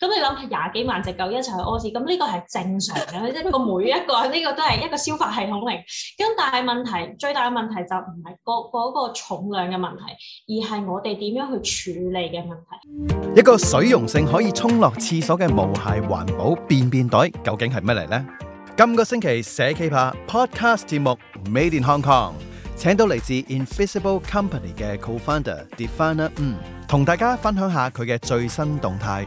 咁你諗下廿幾萬隻狗一齊去屙屎，咁呢個係正常嘅，即係個每一個呢個都係一個消化系統嚟。咁但係問題最大嘅問題就唔係嗰嗰個重量嘅問題，而係我哋點樣去處理嘅問題。一個水溶性可以沖落廁所嘅無害環保便便袋，究竟係乜嚟呢？今個星期寫企拍 podcast 節目 Made in Hong Kong，請到嚟自 Invisible Company 嘅 Co-founder Definer，嗯，同大家分享下佢嘅最新動態。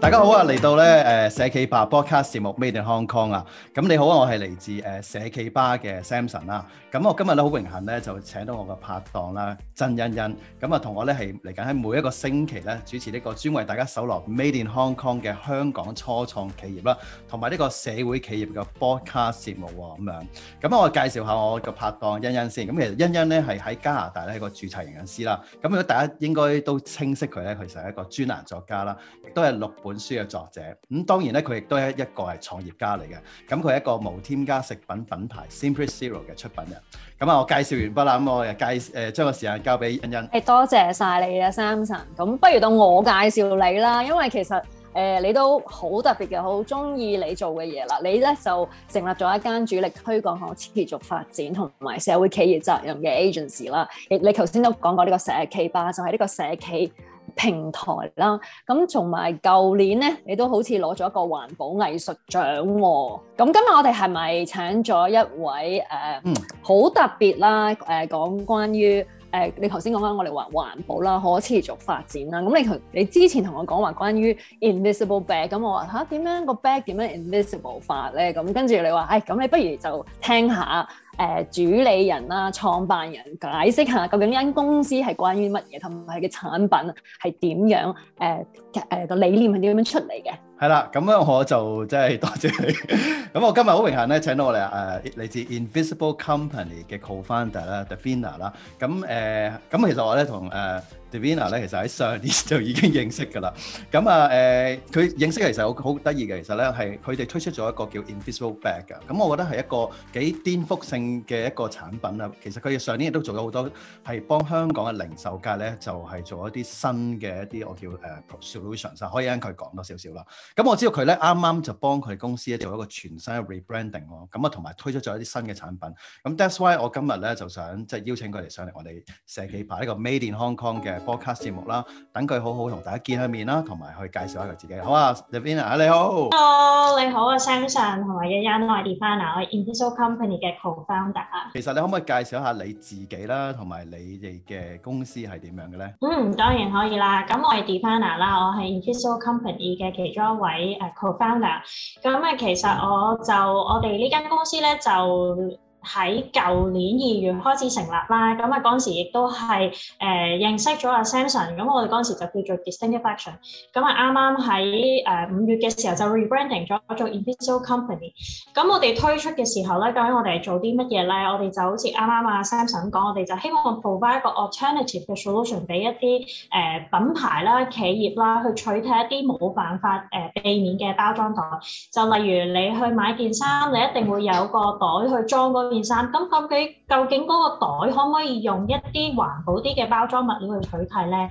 大家好啊，嚟到咧誒社企吧播客節目 Made in Hong Kong son, 啊，咁你好啊，我係嚟自誒社企吧嘅 Samson 啦，咁我今日咧好榮幸咧就請到我個拍檔啦，曾欣欣，咁啊同我咧係嚟緊喺每一個星期咧主持呢個專為大家搜羅 Made in Hong Kong 嘅香港初創企業啦，同埋呢個社會企業嘅播客節目喎，咁樣，咁我介紹下我個拍檔欣欣先，咁其實欣欣咧係喺加拿大咧係個註冊營養師啦，咁如果大家應該都清晰佢咧，佢其實係一個專欄作家啦，亦都係六本書嘅作者，咁、嗯、當然咧，佢亦都係一個係創業家嚟嘅，咁、嗯、佢係一個無添加食品品牌 Simply Zero 嘅出品人。咁、嗯、啊，我介紹完畢啦，咁、嗯、我又介誒、呃、將個時間交俾欣欣。誒，多謝晒你啊，Samson。咁不如到我介紹你啦，因為其實誒、呃、你都好特別嘅，好中意你做嘅嘢啦。你咧就成立咗一間主力推廣可持續發展同埋社會企業責任嘅 agency 啦。你頭先都講過呢個社企吧，就係、是、呢個社企，平台啦，咁同埋舊年咧，你都好似攞咗一個環保藝術獎喎、哦。咁今日我哋係咪請咗一位誒好、呃嗯、特別啦？誒、呃、講關於誒、呃、你頭先講緊我哋話環保啦、可持續發展啦。咁你同你之前同我講話關於 Invisible Bag，咁我話吓點樣個 bag 點樣 invisible 化咧？咁跟住你話唉，咁、哎、你不如就聽下。誒主理人啦、創辦人解釋下，究竟呢間公司係關於乜嘢，同埋嘅產品係點樣？誒誒個理念係點樣出嚟嘅？係啦，咁 樣、嗯、我就真係多謝你。咁、 嗯、我今日好榮幸咧，請到我哋誒嚟自 Invisible Company 嘅 Co-founder 啦 Devina 啦。咁誒咁其實我咧同誒。嗯 Divina 咧，其實喺上年就已經認識㗎啦。咁啊，誒、呃，佢認識其實好好得意嘅，其實咧係佢哋推出咗一個叫 Invisible Bag 嘅。咁我覺得係一個幾顛覆性嘅一個產品啦。其實佢哋上年亦都做咗好多，係幫香港嘅零售界咧就係、是、做一啲新嘅一啲我叫誒、uh, solutions、啊、可以跟佢講多少少啦。咁我知道佢咧啱啱就幫佢公司咧做一個全新嘅 rebranding 咯，咁啊、哦，同埋推出咗一啲新嘅產品。咁 That's why 我今日咧就想即係、就是、邀請佢嚟上嚟我哋社企吧呢個 Made in Hong Kong 嘅。Podcast 節目啦，等佢好好同大家見下面啦，同埋去介紹下佢自己，好啊，Lavinia 啊，Savannah，你好，Hello，你好啊，Samson，同埋欣欣，son，我係 Divana，我係 Invisio Company 嘅 Co-founder 啊。其實你可唔可以介紹一下你自己啦，同埋你哋嘅公司係點樣嘅咧？嗯，當然可以啦。咁我係 Divana 啦，我係 Invisio Company 嘅其中一位誒 Co-founder。咁誒，嗯嗯、其實我就我哋呢間公司咧就，喺舊年二月開始成立啦，咁啊嗰陣時亦都係誒、呃、認識咗阿 Samson，咁我哋嗰陣時就叫做 Distinctive Action，咁啊啱啱喺誒五月嘅時候就 rebranding 咗做 Invisible Company，咁我哋推出嘅時候咧，究竟我哋做啲乜嘢咧？我哋就好似啱啱阿、啊、Samson 講，我哋就希望 provide 個 alternative 嘅 solution 俾一啲誒、呃、品牌啦、企業啦，去取締一啲冇辦法誒、呃、避免嘅包裝袋，就例如你去買件衫，你一定會有個袋去裝嗰、嗰件。咁咁佢究竟嗰個袋可唔可以用一啲環保啲嘅包裝物料去取替咧？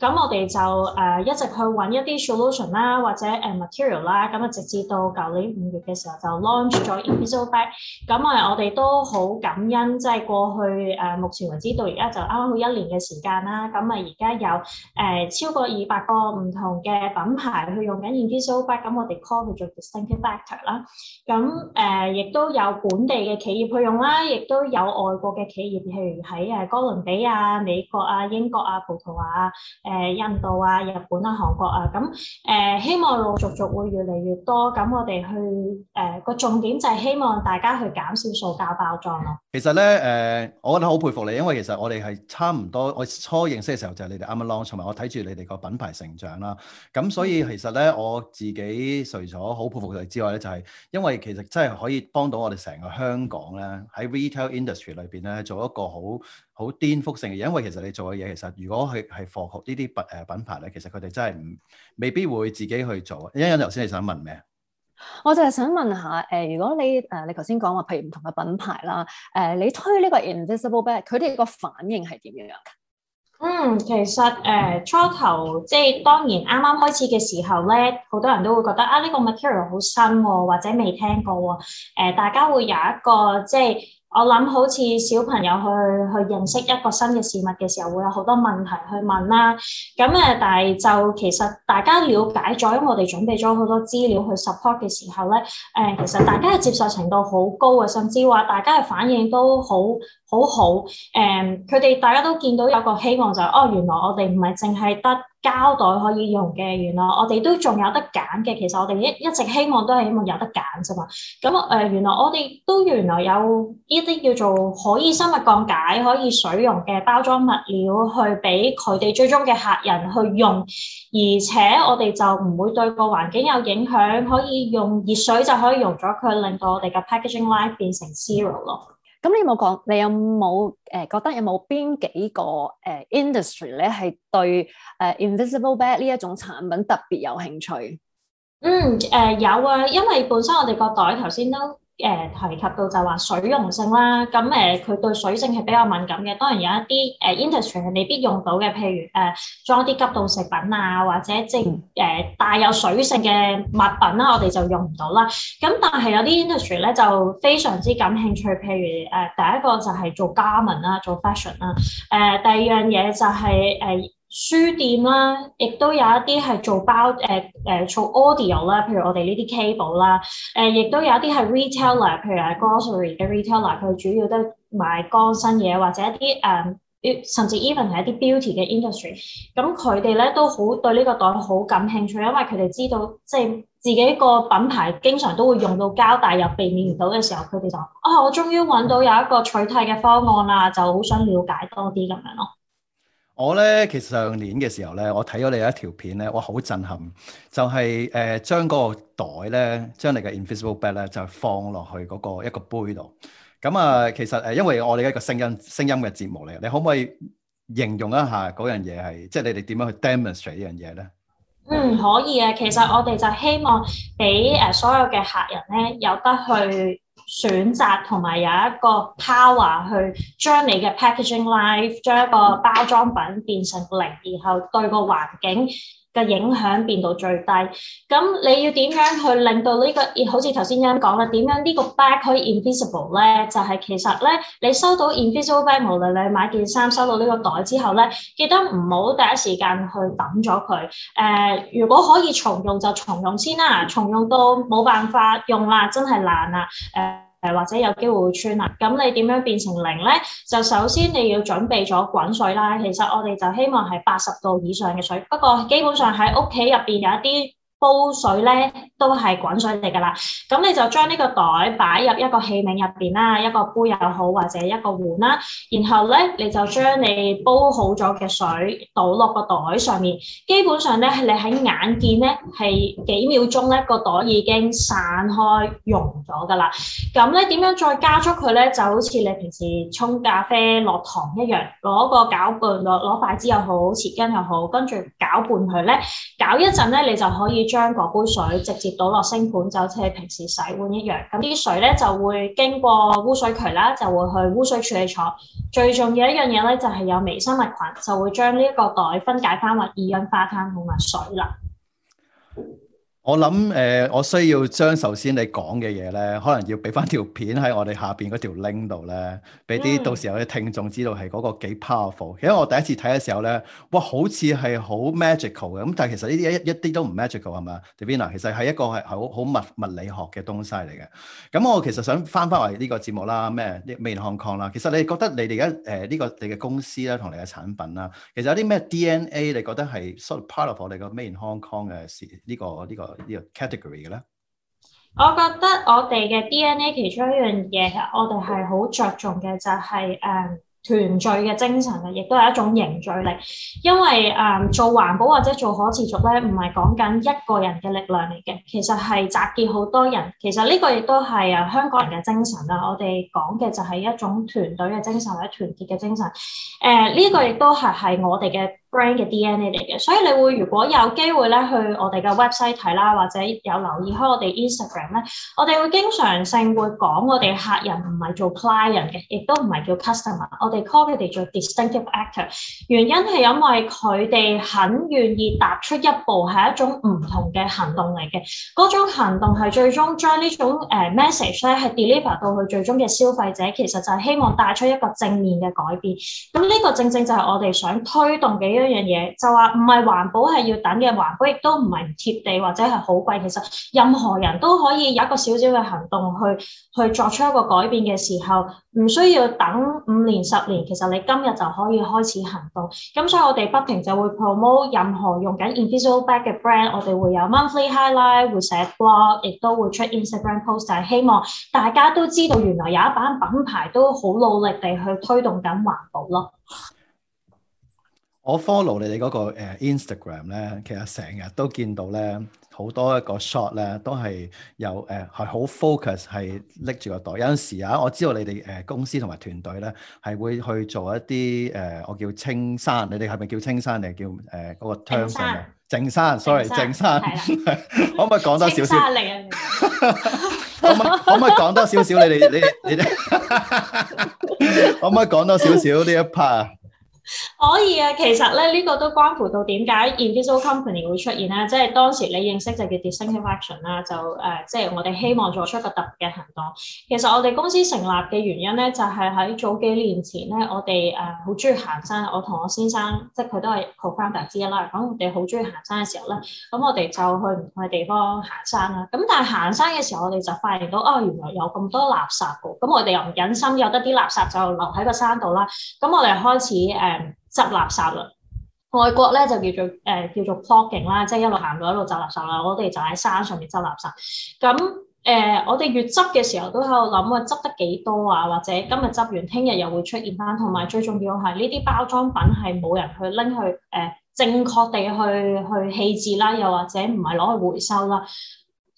咁我哋就誒、呃、一直去揾一啲 solution 啦，或者誒、呃、material 啦。咁啊，直至到舊年五月嘅時候就 launch 咗 EcoBag。咁、呃、啊，我哋都好感恩，即、就、係、是、過去誒、呃、目前為止到而家就啱啱好一年嘅時間啦。咁啊，而、呃、家有誒、呃、超過二百個唔同嘅品牌去用緊 EcoBag。咁我哋 call 佢做 Distinctive Factor 啦。咁誒亦都有本地嘅企業用啦，亦都有外國嘅企業，譬如喺誒哥倫比亞、美國啊、英國啊、葡萄牙啊、誒印度啊、日本啊、韓國啊，咁誒希望陸續續會越嚟越多。咁我哋去誒個重點就係希望大家去減少塑膠包裝咯。其實咧誒，我覺得好佩服你，因為其實我哋係差唔多我初認識嘅時候就係你哋啱啱 launch，同埋我睇住你哋個品牌成長啦。咁所以其實咧，我自己除咗好佩服佢哋之外咧，就係因為其實真係可以幫到我哋成個香港咧。喺 retail industry 裏邊咧，做一個好好顛覆性嘅嘢，因為其實你做嘅嘢其實，如果係係貨號呢啲品誒品牌咧，其實佢哋真係唔未必會自己去做。欣欣頭先係想問咩？我就係想問下誒、呃，如果你誒、呃、你頭先講話，譬如唔同嘅品牌啦，誒、呃、你推呢個 invisible bag，佢哋個反應係點樣？嗯，其實誒、呃、初頭即係當然啱啱開始嘅時候咧，好多人都會覺得啊呢、這個 material 好新喎、哦，或者未聽過喎、哦呃，大家會有一個即係。我諗好似小朋友去去認識一個新嘅事物嘅時候，會有好多問題去問啦。咁誒，但係就其實大家了解咗，因為我哋準備咗好多資料去 support 嘅時候咧，誒、嗯、其實大家嘅接受程度好高啊，甚至話大家嘅反應都好好好。誒、嗯，佢哋大家都見到有個希望就係、哦，原來我哋唔係淨係得。膠袋可以用嘅，原來我哋都仲有得揀嘅。其實我哋一一直希望都係希望有得揀啫嘛。咁誒、呃，原來我哋都原來有呢啲叫做可以生物降解、可以水溶嘅包裝物料去俾佢哋最終嘅客人去用，而且我哋就唔會對個環境有影響，可以用熱水就可以溶咗佢，令到我哋嘅 packaging line 變成 zero 咯。咁你有冇講？你有冇誒、呃、覺得有冇邊幾個誒、呃、industry 咧係對、呃、invisible bag 呢一種產品特別有興趣？嗯、呃、有啊，因為本身我哋個袋頭先都，誒提及到就話水溶性啦，咁誒佢對水性係比較敏感嘅，當然有一啲誒、呃、industry 係未必用到嘅，譬如誒裝啲急凍食品啊，或者即係誒、呃、帶有水性嘅物品啦、啊，我哋就用唔到啦。咁但係有啲 industry 咧就非常之感興趣，譬如誒、呃、第一個就係做加盟啦，做 fashion 啦、呃，誒第二樣嘢就係、是、誒。呃書店啦，亦都有一啲係做包誒誒、呃、做 audio 啦，譬如我哋呢啲 cable 啦、呃，誒亦都有一啲係 retailer，譬如係 grocery 嘅 retailer，佢主要都買乾新嘢或者一啲誒、呃，甚至 even 係一啲 beauty 嘅 industry，咁佢哋咧都好對呢個袋好感興趣，因為佢哋知道即係、就是、自己個品牌經常都會用到膠帶，又，避免唔到嘅時候，佢哋就啊、哦、我終於揾到有一個取替嘅方案啦，就好想了解多啲咁樣咯。我咧，其實上年嘅時候咧，我睇咗你一條片咧，我好震撼，就係誒將嗰個袋咧，將你嘅 invisible bag 咧，就放落去嗰個一個杯度。咁、嗯、啊，其實誒、呃，因為我哋一個聲音聲音嘅節目嚟，你可唔可以形容一下嗰樣嘢係，即係你哋點樣去 demonstrate 呢樣嘢咧？嗯，可以啊。其實我哋就希望俾誒所有嘅客人咧，有得去。選擇同埋有一個 power 去將你嘅 packaging life，將一個包裝品變成零，然後對個環境嘅影響變到最低，咁你要點樣去令到呢個？好似頭先啱講啦，點樣呢個 bag 可以 invisible 咧？就係其實咧，你收到 invisible bag，無論你買件衫收到呢個袋之後咧，記得唔好第一時間去抌咗佢。誒，如果可以重用就重用先啦，重用到冇辦法用啦，真係難啦。誒。誒，或者有機會會穿啦，咁你點樣變成零咧？就首先你要準備咗滾水啦，其實我哋就希望係八十度以上嘅水，不過基本上喺屋企入邊有一啲。煲水咧都係滾水嚟㗎啦，咁你就將呢個袋擺入一個器皿入邊啦，一個杯又好或者一個碗啦，然後咧你就將你煲好咗嘅水倒落個袋上面，基本上咧係你喺眼見咧係幾秒鐘咧個袋已經散開溶咗㗎啦，咁咧點樣再加速佢咧就好似你平時沖咖啡落糖一樣，攞個攪拌攞攞筷子又好，匙羹又好，跟住攪拌佢咧，攪一陣咧你就可以。將嗰杯水直接倒落星盆，就好似平時洗碗一樣。咁啲水咧就會經過污水渠啦，就會去污水處理廠。最重要一樣嘢咧，就係、是、有微生物群，就會將呢一個袋分解翻為二氧化碳同埋水啦。我諗誒、呃，我需要將首先你講嘅嘢咧，可能要俾翻條片喺我哋下邊嗰條 link 度咧，俾啲到時候啲聽眾知道係嗰個幾 powerful。因為我第一次睇嘅時候咧，哇，好似係好 magical 嘅，咁但係其實呢啲一一啲都唔 magical 係咪啊？Davina，其實係一個係好好物物理學嘅東西嚟嘅。咁、嗯、我其實想翻翻嚟呢個節目啦，咩？咩？Made in Hong Kong 啦。其實你哋覺得你哋而家誒呢個你嘅公司啦，同你嘅產品啦，其實有啲咩 DNA 你覺得係 sort of powerful 你個 Made in Hong Kong 嘅呢個呢個？這個 category 嘅咧，我覺得我哋嘅 DNA 其中一樣嘢，我哋係好着重嘅就係、是、誒、嗯、團聚嘅精神啊，亦都係一種凝聚力。因為誒、嗯、做環保或者做可持續咧，唔係講緊一個人嘅力量嚟嘅，其實係集結好多人。其實呢個亦都係啊香港人嘅精神啊，我哋講嘅就係一種團隊嘅精神或者團結嘅精神。誒呢、呃呢個亦都係係我哋嘅。brand 嘅 DNA 嚟嘅，所以你會如果有機會咧去我哋嘅 website 睇啦，或者有留意開我哋 Instagram 咧，我哋會經常性會講我哋客人唔係做 client 嘅，亦都唔係叫 customer，我哋 call 佢哋做 distinctive actor。原因係因為佢哋肯願意踏出一步係一種唔同嘅行動嚟嘅，嗰種行動係最終將種、uh, 呢種誒 message 咧係 deliver 到佢最終嘅消費者，其實就係希望帶出一個正面嘅改變，咁呢個正正就係我哋想推動嘅。一樣嘢就話唔係環保係要等嘅，環保亦都唔係唔貼地或者係好貴。其實任何人都可以有一個小小嘅行動去去作出一個改變嘅時候，唔需要等五年十年。其實你今日就可以開始行動。咁所以，我哋不停就會 promote 任何用緊 invisible bag 嘅 brand，我哋會有 monthly highlight，會寫 blog，亦都會出 Instagram post，就係希望大家都知道原來有一班品牌都好努力地去推動緊環保咯。我 follow 你哋嗰個 Instagram 咧，其實成日都見到咧好多一個 shot 咧，都係有誒係好 focus 係拎住個袋。有陣時啊，我知道你哋誒公司同埋團隊咧係會去做一啲誒，我叫青山，你哋係咪叫青山叫定係叫誒嗰個昌生啊？靜山，sorry，靜山，可唔可以講多少少？ 可唔可可唔可以講 多少少？你哋你哋，你哋可唔可以講多少少呢一 part？可以啊，其實咧呢、這個都關乎到點解 initial company 會出現啦，即係當時你認識叫就叫 disenfranchisement 啦，就、呃、誒即係我哋希望做出個特別嘅行動。其實我哋公司成立嘅原因咧，就係、是、喺早幾年前咧，我哋誒好中意行山。我同我先生，即係佢都係 co-founder 之一啦，咁我哋好中意行山嘅時候咧，咁我哋就去唔同嘅地方行山啦。咁但係行山嘅時候，我哋就發現到哦、哎，原來有咁多垃圾㗎、啊。咁我哋又唔忍心有得啲垃圾就留喺個山度啦。咁我哋開始誒。呃執垃圾啦，外國咧就叫做誒、呃、叫做 plogging 啦，即係一路行路一路執垃圾啦。我哋就喺山上面執垃圾。咁誒、呃，我哋越執嘅時候都有諗啊，執得幾多啊？或者今日執完，聽日又會出現返。同埋最重要係呢啲包裝品係冇人去拎去誒、呃、正確地去去棄置啦，又或者唔係攞去回收啦。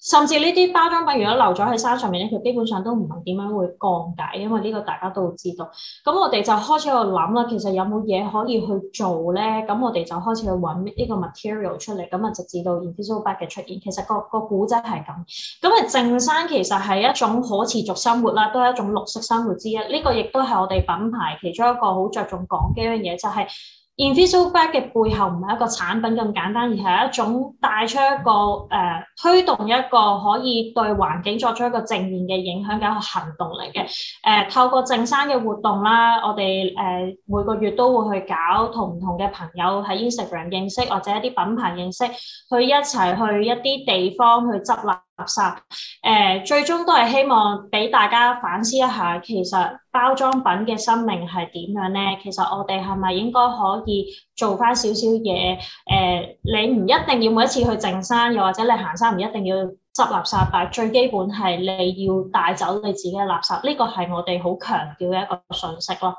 甚至呢啲包裝品，如果留咗喺山上面咧，佢基本上都唔會點樣會降解，因為呢個大家都會知道。咁我哋就開始喺度諗啦，其實有冇嘢可以去做咧？咁我哋就開始去搵呢個 material 出嚟。咁啊，直至到 infusible bag 嘅出現。其實個個古仔係咁。咁啊，淨山其實係一種可持續生活啦，都係一種綠色生活之一。呢、這個亦都係我哋品牌其中一個好着重講嘅一樣嘢，就係、是。Invisible Bag 嘅背後唔係一個產品咁簡單，而係一種帶出一個誒、呃、推動一個可以對環境作出一個正面嘅影響嘅一個行動嚟嘅。誒、呃、透過正山嘅活動啦，我哋誒、呃、每個月都會去搞，同唔同嘅朋友喺 Instagram 認識，或者一啲品牌認識，去一齊去一啲地方去執垃垃圾，誒最終都係希望俾大家反思一下，其實包裝品嘅生命係點樣咧？其實我哋係咪應該可以做翻少少嘢？誒、呃，你唔一定要每一次去淨山，又或者你行山唔一定要執垃圾，但最基本係你要帶走你自己嘅垃圾，呢個係我哋好強調嘅一個信息咯。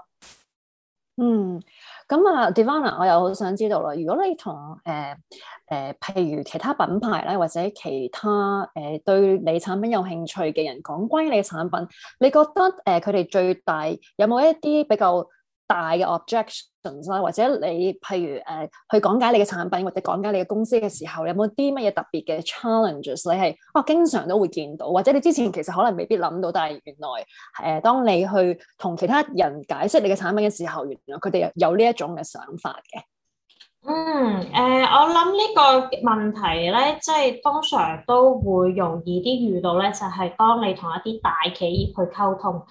嗯。咁啊，Devana，我又好想知道啦。如果你同誒誒譬如其他品牌咧，或者其他誒、呃、對你產品有興趣嘅人講關於你嘅產品，你覺得誒佢哋最大有冇一啲比較大嘅 objection？或者你譬如誒、呃、去講解你嘅產品或者講解你嘅公司嘅時候，你有冇啲乜嘢特別嘅 challenges？你係哦經常都會見到，或者你之前其實可能未必諗到，但係原來誒、呃、當你去同其他人解釋你嘅產品嘅時候，原來佢哋有有呢一種嘅想法嘅。嗯，誒、呃，我諗呢個問題咧，即係通常都會容易啲遇到咧，就係、是、當你同一啲大企業去溝通，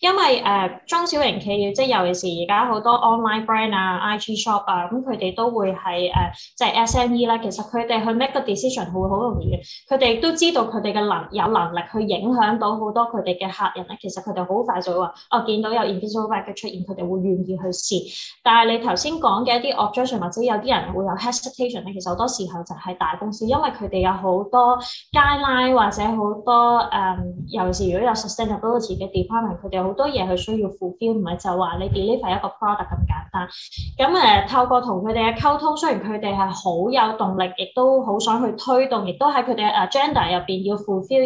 因為誒、呃、中小型企業，即係尤其是而家好多 online brand 啊、IG shop 啊，咁佢哋都會係誒，即、呃、係、就是、SME 啦，其實佢哋去 make 個 decision，會好容易嘅，佢哋都知道佢哋嘅能有能力去影響到好多佢哋嘅客人咧。其實佢哋好快就會話哦，見到有 influencer 嘅出現，佢哋會願意去試，但係你頭先講嘅一啲 objection 或者有。有啲人會有 hesitation 咧，其實好多時候就係大公司，因為佢哋有好多 guideline 或者好多誒、嗯，尤其是如果有 sustainability 嗰類嘅 department，佢哋好多嘢係需要 fulfill，唔係就話你 deliver 一個 product 咁簡單。咁誒、呃，透過同佢哋嘅溝通，雖然佢哋係好有動力，亦都好想去推動，亦都喺佢哋嘅 agenda 入邊要 fulfill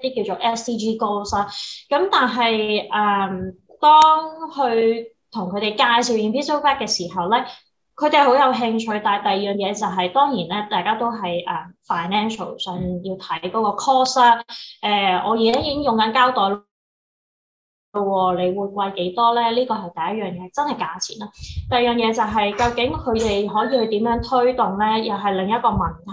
一啲叫做 SDG goals 啦、啊。咁但係誒、呃，當去同佢哋介紹 invisio back 嘅時候咧。呢佢哋好有興趣，但係第二樣嘢就係、是、當然咧，大家都係誒、uh, financial 上要睇嗰個 cost 啦、uh。我而家已經用緊膠袋咯喎，你會貴幾多咧？呢、這個係第一樣嘢，真係價錢啦。第二樣嘢就係、是、究竟佢哋可以去點樣推動咧，又係另一個問題。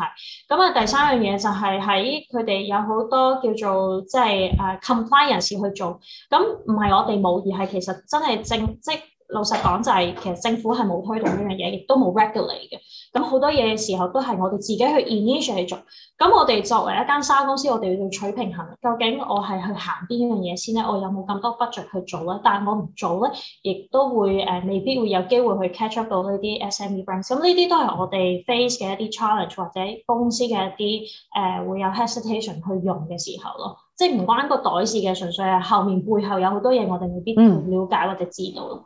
咁啊，第三樣嘢就係喺佢哋有好多叫做即係誒 compliance 去做，咁唔係我哋冇，而係其實真係正職。老實講就係、是，其實政府係冇推動呢樣嘢，亦都冇 regulate 嘅。咁好多嘢嘅時候都係我哋自己去 initiate 去做。咁我哋作為一間沙公司，我哋要取平衡，究竟我係去行邊樣嘢先咧？我有冇咁多 budget 去做咧？但係我唔做咧，亦都會誒、呃、未必會有機會去 catch up 到呢啲 SME brands。咁呢啲都係我哋 face 嘅一啲 challenge 或者公司嘅一啲誒、呃、會有 hesitation 去用嘅時候咯。即係唔關個袋事嘅，純粹係後面背後有好多嘢我哋未必了解或者知道咯。嗯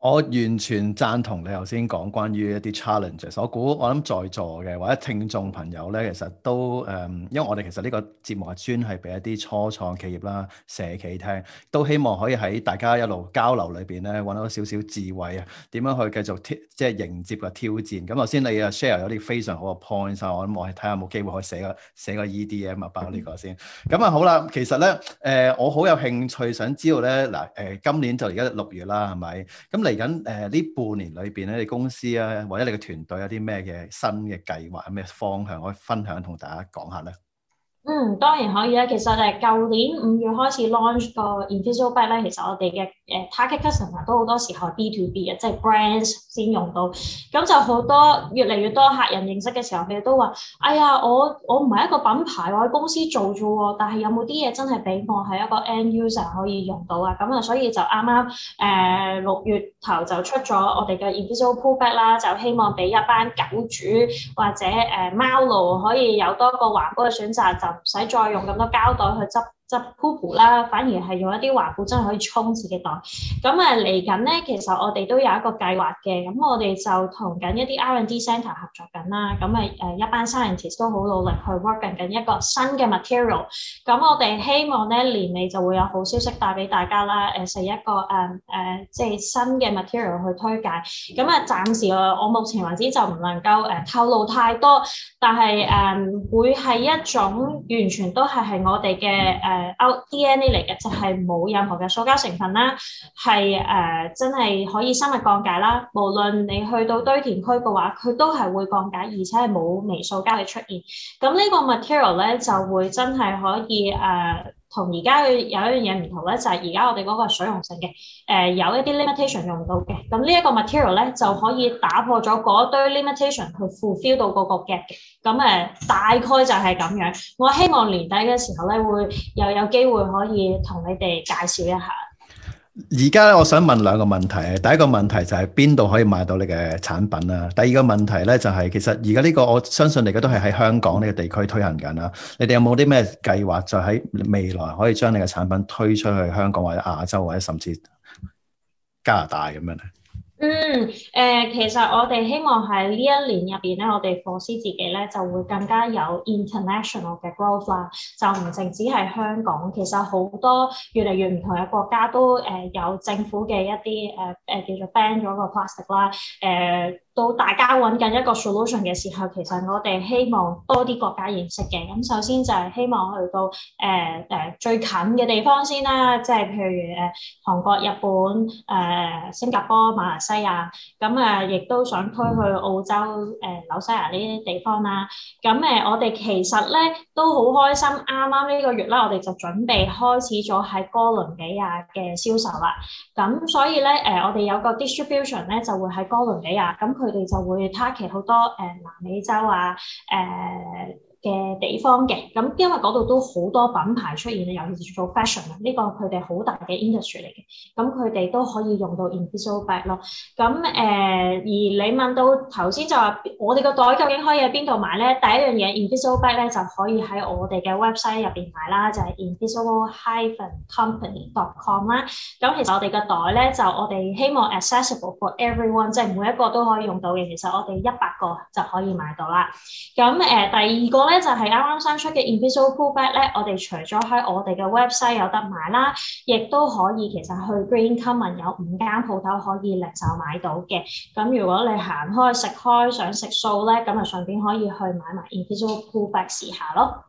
我完全贊同你頭先講關於一啲 challenges。我估我諗在座嘅或者聽眾朋友咧，其實都誒、嗯，因為我哋其實呢個節目係專係俾一啲初創企業啦、社企聽，都希望可以喺大家一路交流裏邊咧，揾到少少智慧啊，點樣去繼續即係迎接個挑戰。咁頭先你啊 share 有啲非常好嘅 points 我諗我睇下冇機會可以寫個寫個依啲嘢啊，包呢個先。咁啊、嗯、好啦，其實咧誒、呃，我好有興趣想知道咧嗱誒，今年就而家六月啦，係咪咁嚟？緊誒呢半年裏面咧，你公司啊，或者你嘅團隊有啲咩嘅新嘅計劃，有咩方向可以分享，同大家講下呢？嗯，當然可以啦。其實我哋舊年五月開始 launch 個 infusion pack 咧，其實我哋嘅誒 target customer 都好多時候 B to B 嘅，即係 brands 先用到。咁就好多越嚟越多客人認識嘅時候，佢哋都話：哎呀，我我唔係一個品牌，我喺公司做啫喎。但係有冇啲嘢真係俾我係一個 end user 可以用到啊？咁啊，所以就啱啱誒六月頭就出咗我哋嘅 infusion pack 啦，就希望俾一班狗主或者誒貓奴可以有多個環保嘅選擇就。唔使再用咁多膠袋去執。執 pull 啦，u, 反而係用一啲華夫真係可以充自己袋。咁誒嚟緊咧，其實我哋都有一個計劃嘅。咁我哋就同緊一啲 R&D n centre 合作緊啦。咁誒誒一班 scientist 都好努力去 working 緊一個新嘅 material。咁我哋希望咧年尾就會有好消息帶俾大家啦。誒、呃、食一個誒誒、呃、即係新嘅 material 去推介。咁啊暫時我目前為止就唔能夠誒透露太多，但係誒、呃、會係一種完全都係係我哋嘅誒。呃誒 out、uh, DNA 嚟嘅，就係、是、冇任何嘅塑膠成分啦，係誒、uh, 真係可以生物降解啦。無論你去到堆填區嘅話，佢都係會降解，而且係冇微塑膠嘅出現。咁呢個 material 咧就會真係可以誒。Uh, 同而家嘅有一樣嘢唔同咧，就係而家我哋嗰個水溶性嘅，誒、呃、有一啲 limitation 用到嘅。咁呢一個 material 咧就可以打破咗嗰堆 limitation 去 fulfill 到嗰個 gap 嘅。咁、呃、誒大概就係咁樣。我希望年底嘅時候咧會又有機會可以同你哋介紹一下。而家咧，我想問兩個問題。第一個問題就係邊度可以買到你嘅產品啊？第二個問題咧、就係，就係其實而家呢個我相信大家都係喺香港呢個地區推行緊啦。你哋有冇啲咩計劃，就喺未來可以將你嘅產品推出去香港或者亞洲或者甚至加拿大咁樣咧？嗯，誒、呃、其實我哋希望喺呢一年入邊咧，我哋課師自己咧就會更加有 international 嘅 growth 啦。就唔淨止係香港，其實好多越嚟越唔同嘅國家都誒有政府嘅一啲誒誒叫做 ban 咗個 plastic 啦。誒、呃，到大家揾緊一個 solution 嘅時候，其實我哋希望多啲國家認識嘅。咁首先就係希望去到誒誒、呃呃、最近嘅地方先啦，即係譬如誒、呃、韓國日本，誒、呃、新加坡、馬來西啊，咁誒亦都想推去澳洲、誒、呃、紐西蘭呢啲地方啦。咁誒、呃，我哋其實咧都好開心，啱啱呢個月咧，我哋就準備開始咗喺哥倫比亞嘅銷售啦。咁所以咧，誒、呃、我哋有個 distribution 咧就會喺哥倫比亞，咁佢哋就會 target 好多誒、呃、南美洲啊，誒、呃。嘅地方嘅，咁、嗯、因為嗰度都好多品牌出現啊，尤其是做 fashion 啊，呢個佢哋好大嘅 industry 嚟嘅，咁佢哋都可以用到 invisible bag 咯。咁、嗯、誒，而你問到頭先就話，我哋個袋究竟可以喺邊度買咧？第一樣嘢 invisible bag 咧就可以喺我哋嘅 website 入邊買啦，就係、是、invisiblehyphencompany.com 啦。咁、嗯、其實我哋嘅袋咧就我哋希望 accessible for everyone，即係每一個都可以用到嘅。其實我哋一百個就可以買到啦。咁、嗯、誒、嗯，第二個。咧就係啱啱新出嘅 invisible pool bag 咧，我哋除咗喺我哋嘅 website 有得買啦，亦都可以其實去 Green Common 有五間鋪頭可以零售買到嘅。咁如果你行開食開想食素咧，咁啊順便可以去買埋 invisible pool bag 試下咯。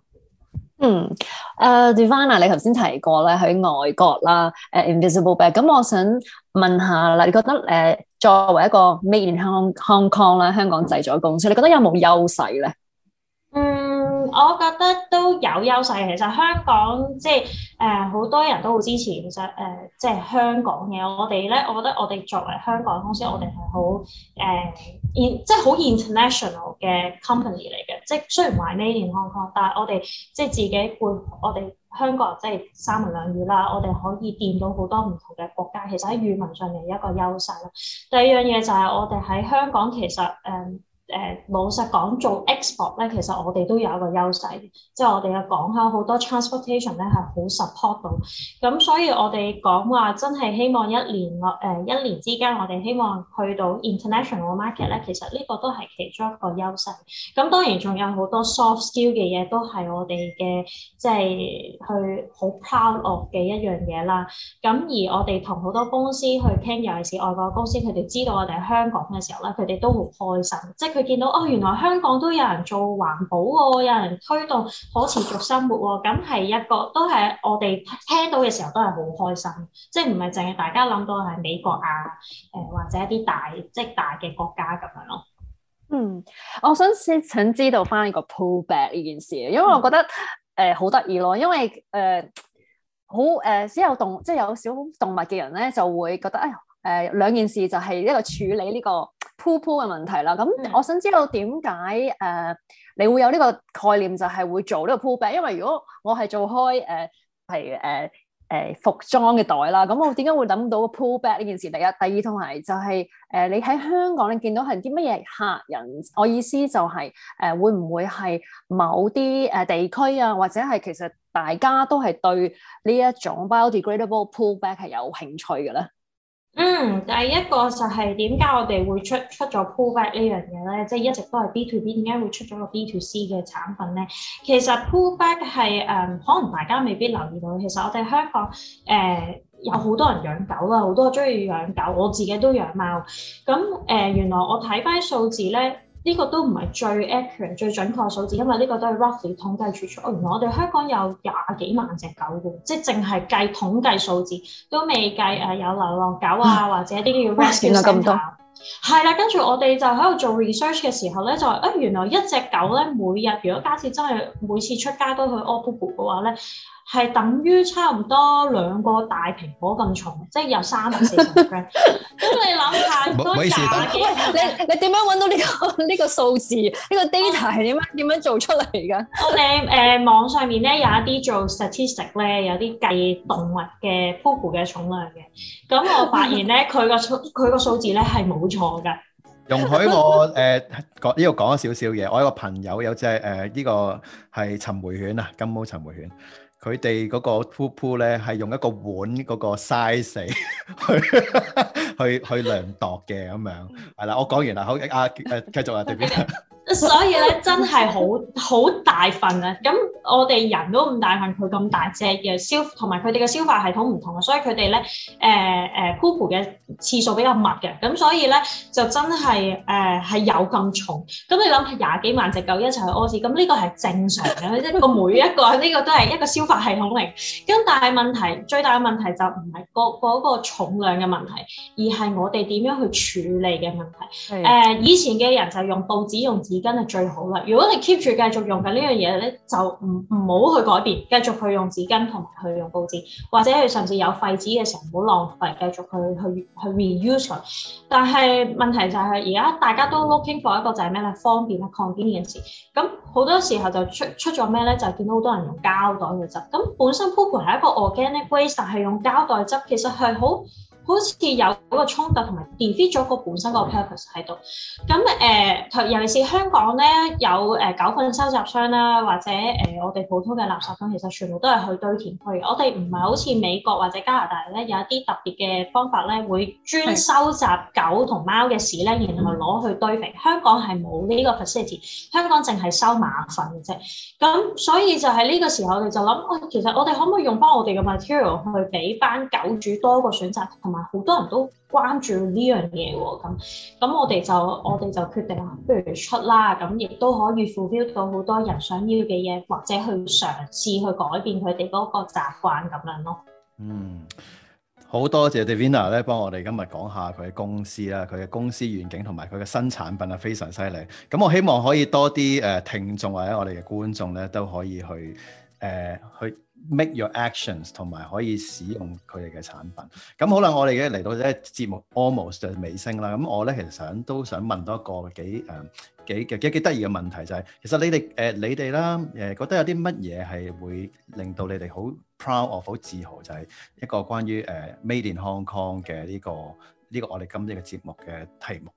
嗯，誒、uh,，Divina，你頭先提過咧喺外國啦，誒、uh,，invisible bag。咁我想問下啦，你覺得誒、uh, 作為一個 made in Hong Hong Kong 啦，香港製造公司，你覺得有冇優勢咧？嗯。我覺得都有優勢。其實香港，即係誒好多人都好支持，其實誒即係香港嘅。我哋咧，我覺得我哋作為香港公司，我哋係好誒，即係好 international 嘅 company 嚟嘅。即係雖然唔係 made in Hong Kong，但係我哋即係自己會，我哋香港即係三文兩語啦。我哋可以見到好多唔同嘅國家，其實喺語文上面有一個優勢咯。第二樣嘢就係我哋喺香港其實誒。呃誒老實講做 export 咧，其實我哋都有一個優勢，即係我哋嘅港口好多 transportation 咧係好 support 到，咁所以我哋講話真係希望一年我、呃、一年之間我哋希望去到 international market 咧，其實呢個都係其中一個優勢。咁當然仲有好多 soft skill 嘅嘢都係我哋嘅，即係去好 proud of 嘅一樣嘢啦。咁而我哋同好多公司去傾，尤其是外國公司，佢哋知道我哋喺香港嘅時候咧，佢哋都好開心，即係佢見到哦，原來香港都有人做環保喎、哦，有人推動可持續生活喎、哦，咁係一個都係我哋聽到嘅時候都係好開心，即係唔係淨係大家諗到係美國啊，誒、呃、或者一啲大即係大嘅國家咁樣咯。嗯，我想先想知道翻呢、那個 pull back 呢件事，因為我覺得誒好得意咯，因為誒好誒只有動即係、就是、有小動物嘅人咧就會覺得哎呀～誒兩、呃、件事就係一個處理呢個 pull bag 嘅問題啦。咁我想知道點解誒你會有呢個概念就係會做呢個 pull bag？因為如果我係做開誒係誒誒服裝嘅袋啦，咁我點解會諗到 pull bag 呢件事？第一、第二、就是，同埋就係誒你喺香港你見到係啲乜嘢客人？我意思就係、是、誒、呃、會唔會係某啲誒地區啊，或者係其實大家都係對呢一種 biodegradable pull bag 係有興趣嘅咧？嗯，第一個就係點解我哋會出出咗 Pullback 呢樣嘢咧？即、就、係、是、一直都係 B to B，點解會出咗個 B to C 嘅產品咧？其實 Pullback 係誒、嗯，可能大家未必留意到，其實我哋香港誒、呃、有好多人養狗啦，好多鍾意養狗，我自己都養貓。咁誒、呃，原來我睇返數字咧。呢個都唔係最 accurate、最準確數字，因為呢個都係 roughly 統計出嚟。原來我哋香港有廿幾萬隻狗嘅，即係淨係計統計數字都未計誒有流浪狗啊，或者啲叫 rescue 嘅狗。減少咁多。係啦，跟住我哋就喺度做 research 嘅時候咧，就話誒原來一隻狗咧，每日如果假設真係每次出街都去屙 public 嘅話咧，係等於差唔多兩個大蘋果咁重，即係有三萬四。咁你諗下，都廿幾？你你點樣揾到呢個呢個數字呢？呢個 data 係點樣點樣做出嚟㗎？我哋誒網上面咧有一啲做 statistic 咧，有啲計動物嘅 poo 嘅重量嘅。咁我發現咧，佢個數佢個數字咧係冇錯㗎。容許我誒講呢度講咗少少嘢。我有一個朋友有隻誒呢個係尋回犬啊，金毛尋回犬。佢哋嗰個鋪鋪咧，係用一個碗嗰個 size 去去去量度嘅咁樣，係啦，我講完啦，好啊，誒、啊、繼續啊 David。 所以咧真係好好大份啊！咁我哋人都咁大份，佢咁大隻嘅消同埋佢哋嘅消化系統唔同啊，所以佢哋咧誒誒 poopoo 嘅次數比較密嘅，咁所以咧就真係誒係有咁重。咁你諗下廿幾萬隻狗一齊去屙屎，咁呢個係正常嘅。 一個每一個呢、呢個都係一個消化系統嚟。咁但係問題最大嘅問題就唔係個嗰個,個重量嘅問題，而係我哋點樣去處理嘅問題。誒的、呃、以前嘅人就用報紙用。紙巾係最好啦。如果你 keep 住繼續用緊呢樣嘢咧，就唔唔好去改變，繼續去用紙巾同埋去用報紙，或者甚至有廢紙嘅時候唔好浪費，繼續去去去 reuse。但係問題就係而家大家都 looking for 一個就係咩咧，方便啊 convenient 嘅事。咁好多時候就出出咗咩咧，就見到好多人用膠袋去執。咁本身 poopoo 係一個 organic waste，但係用膠袋執其實係好。好似有嗰個衝突同埋 defeat 咗個本身個 purpose 喺度。咁誒、呃，尤其是香港咧，有誒、呃、狗糞收集箱啦，或者誒、呃、我哋普通嘅垃圾箱，其實全部都係去堆填區。我哋唔係好似美國或者加拿大咧，有一啲特別嘅方法咧，會專收集狗同貓嘅屎咧，然後攞去堆肥。香港係冇呢個 facility，香港淨係收馬糞嘅啫。咁所以就喺呢個時候我，我哋就諗，其實我哋可唔可以用返我哋嘅 material 去俾班狗主多個選擇，同埋。好多人都關注呢樣嘢喎，咁咁我哋就、嗯、我哋就決定不如出啦，咁亦都可以 fulfil 到好多人想要嘅嘢，或者去嘗試去改變佢哋嗰個習慣咁樣咯。嗯，好多謝 Devina 咧，幫我哋今日講下佢嘅公司啦，佢嘅公司願景同埋佢嘅新產品啊，非常犀利。咁我希望可以多啲誒、呃、聽眾或者我哋嘅觀眾咧，都可以去。誒去 make your actions，同埋可以使用佢哋嘅產品。咁好啦，我哋而家嚟到咧節目 almost 就尾聲啦。咁我咧其實想都想問多一個幾誒幾嘅幾幾得意嘅問題，就係其實你哋誒你哋啦誒覺得有啲乜嘢係會令到你哋好 proud of 好自豪，就係一個關於誒 Made in Hong Kong 嘅呢個呢個我哋今日嘅節目嘅題目。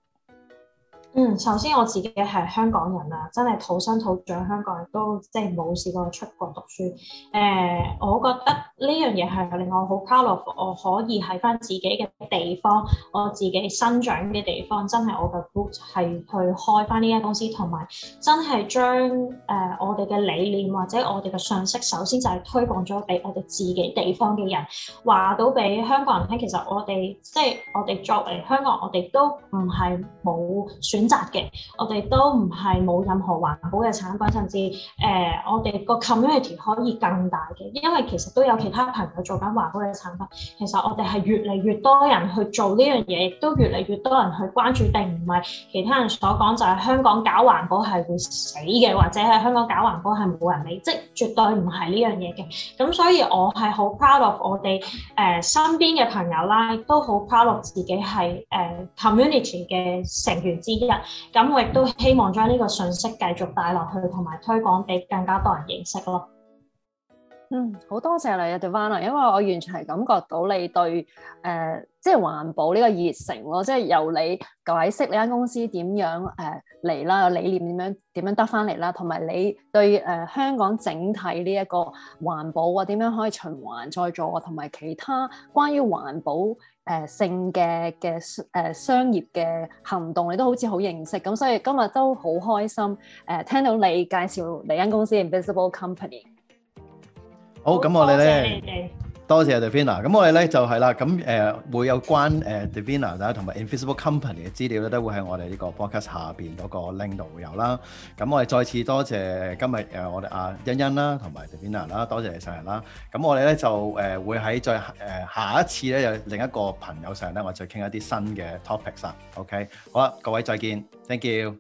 嗯，首先我自己係香港人啊，真係土生土長香港人，都即係冇試過出國讀書誒、呃，我覺得呢樣嘢係令我好 colorful，我可以喺翻自己嘅地方，我自己生長嘅地方，真係我嘅 group 係去開翻呢間公司，同埋真係將誒、呃、我哋嘅理念或者我哋嘅信息，首先就係推廣咗俾我哋自己地方嘅人話到俾香港人聽，其實我哋即係我哋作為香港，我哋都唔係冇選擇嘅，我哋都唔係冇任何環保嘅產品，甚至誒、呃、我哋個 community 可以更大嘅，因為其實都有其他朋友做緊環保嘅產品。其實我哋係越嚟越多人去做呢樣嘢，亦都越嚟越多人去關注，定唔係其他人所講就係、是、香港搞環保係會死嘅，或者係香港搞環保係冇人理，即絕對唔係呢樣嘢嘅。咁所以，我係好 proud of 我哋誒身邊嘅朋友啦，都好 proud of 自己係誒、uh, community 嘅成員之一。咁我亦都希望將呢個信息繼續帶落去，同埋推廣俾更加多人認識咯。嗯，好多謝你入到翻嚟，Devana，因為我完全係感覺到你對誒、呃，即係環保呢個熱誠咯，即係由你解釋你間公司點樣誒嚟啦，理念點樣點樣得翻嚟啦，同埋你對誒、呃、香港整體呢一個環保啊，點樣可以循環再做啊，同埋其他關於環保誒、呃、性嘅嘅誒商業嘅行動，你都好似好認識，咁所以今日都好開心誒、呃，聽到你介紹你間公司 Invisible Company。好，咁我哋咧，多謝阿 Devina 咁我哋咧就係、是、啦，咁誒、呃、會有關誒 Devina 啦，同埋 Invisible Company 嘅資料咧，都會喺我哋呢個 podcast 下邊嗰個 link 度會有啦。咁我哋再次多謝今日誒、呃、我哋阿、啊、欣欣啦，同埋 Devina 啦，多謝你上嚟啦。咁我哋咧就誒、呃、會喺再誒下一次咧，有另一個朋友上咧，我再傾一啲新嘅 topics 啦、啊。OK，好啦，各位再見，Thank you。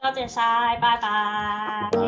多謝曬，拜拜。